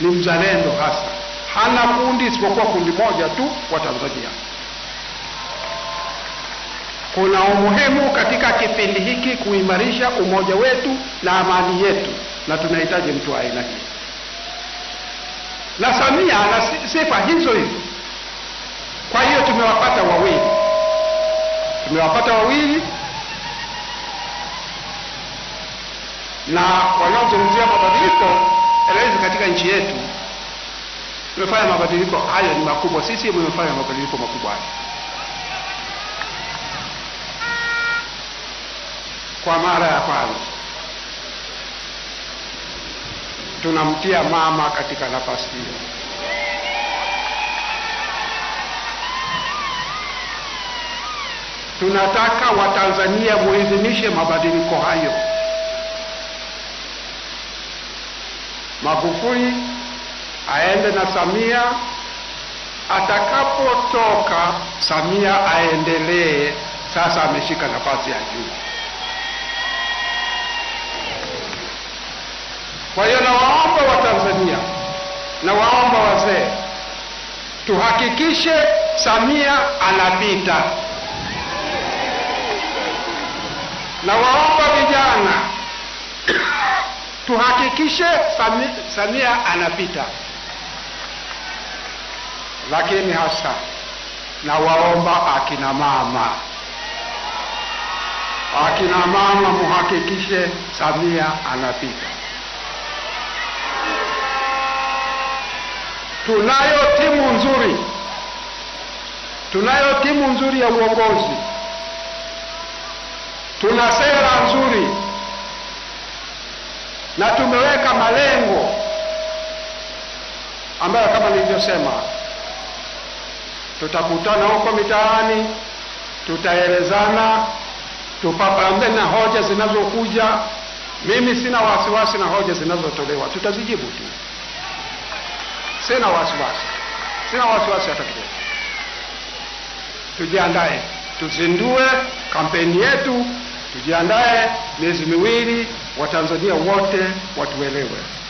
ni mzalendo hasa, hana kundi isipokuwa kundi moja tu wa Tanzania. Kuna umuhimu katika kipindi hiki kuimarisha umoja wetu na amani yetu, na tunahitaji mtu aina hii, na Samia ana sifa hizo hizo. Kwa hiyo tumewapata wawili, tumewapata wawili na tumefanya mabadiliko hayo ni makubwa. Sisi imefanya mabadiliko makubwa hayo. Kwa mara ya kwanza tunamtia mama katika nafasi hiyo. Tunataka Watanzania muidhinishe mabadiliko hayo. Magufuli aende na Samia, atakapotoka Samia aendelee. Sasa ameshika nafasi ya juu. Kwa hiyo nawaomba Watanzania, nawaomba wazee, tuhakikishe Samia anapita. Nawaomba vijana, tuhakikishe Samia, Samia anapita lakini hasa nawaomba akina mama, akina mama muhakikishe Samia anapita. Tunayo timu nzuri, tunayo timu nzuri ya uongozi, tuna sera nzuri na tumeweka malengo ambayo kama nilivyosema tutakutana huko mitaani, tutaelezana, tupambane na hoja zinazokuja. Mimi sina wasiwasi na hoja zinazotolewa, tutazijibu tu. Sina wasiwasi, sina wasiwasi hata kidogo. Tujiandae, tuzindue kampeni yetu, tujiandae miezi miwili, Watanzania wote watuelewe.